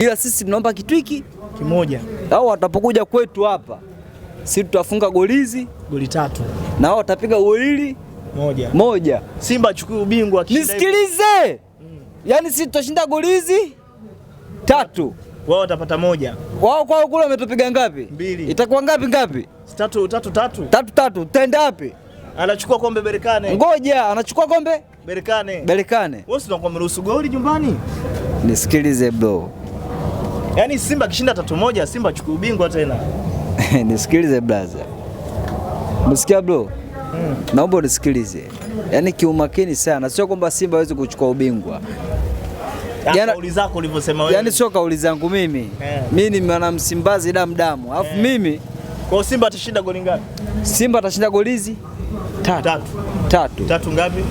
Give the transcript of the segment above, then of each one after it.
ila sisi tunaomba kitu hiki kimoja, au watapokuja kwetu hapa sisi tutafunga goli hizi goli tatu na wao watapiga goli moja moja, Simba achukue ubingwa. Nisikilize, mm. Yani sisi tutashinda goli hizi tatu, wao watapata moja. Wao kwao kule wametupiga ngapi? Mbili. Itakuwa ngapi ngapi? Tatu tatu tatu tatu tatu, tutaenda wapi? Anachukua kombe Berikane. Ngoja, anachukua kombe Berikane. Berikane. Wewe si unakuwa mruhusu goli nyumbani? Nisikilize bro. Yaani Simba akishinda tatu moja, Simba chukua ubingwa tena. Nisikilize brother. Msikia bro? Mm. Naomba unisikilize. Yaani kiumakini sana. Sio kwamba Simba hawezi kuchukua ubingwa. Ah, yaani kauli zako ulivyosema wewe. Yaani sio kauli zangu mimi. Yeah. Mimi ni mwana Msimbazi damu damu. Alafu yeah. Mimi kwa Simba atashinda goli ngapi? Simba atashinda goli hizi tatu. Tatu. Tatu. Tatu ngapi?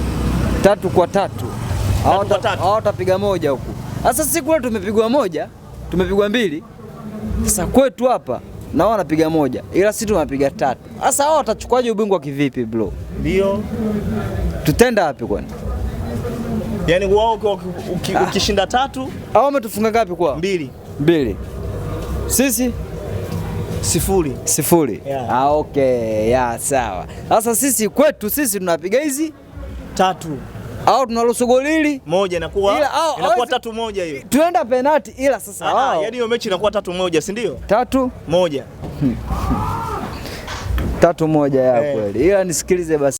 Tatu kwa tatu. Hawatapiga moja huku. Sasa siku leo tumepigwa moja tumepigwa mbili, sasa kwetu hapa na wao wanapiga moja, ila sisi tunapiga tatu. Sasa wao watachukuaje ubingwa kivipi bro? Ndio tutenda wapi kwani? Yaani wao ah. ukishinda tatu au wametufunga ngapi? kwa mbili mbili, sisi sifuri sifuri. Yeah. Ah, okay ya yeah, sawa. Sasa sisi kwetu sisi tunapiga hizi tatu au tunarusugulili moja inakuwa inakuwa tatu moja hiyo, tuenda penati ila sasa ah, wow. Yani hiyo mechi inakuwa tatu moja, si ndio? Tatu moja tatu moja ya eh. kweli, ila nisikilize basi.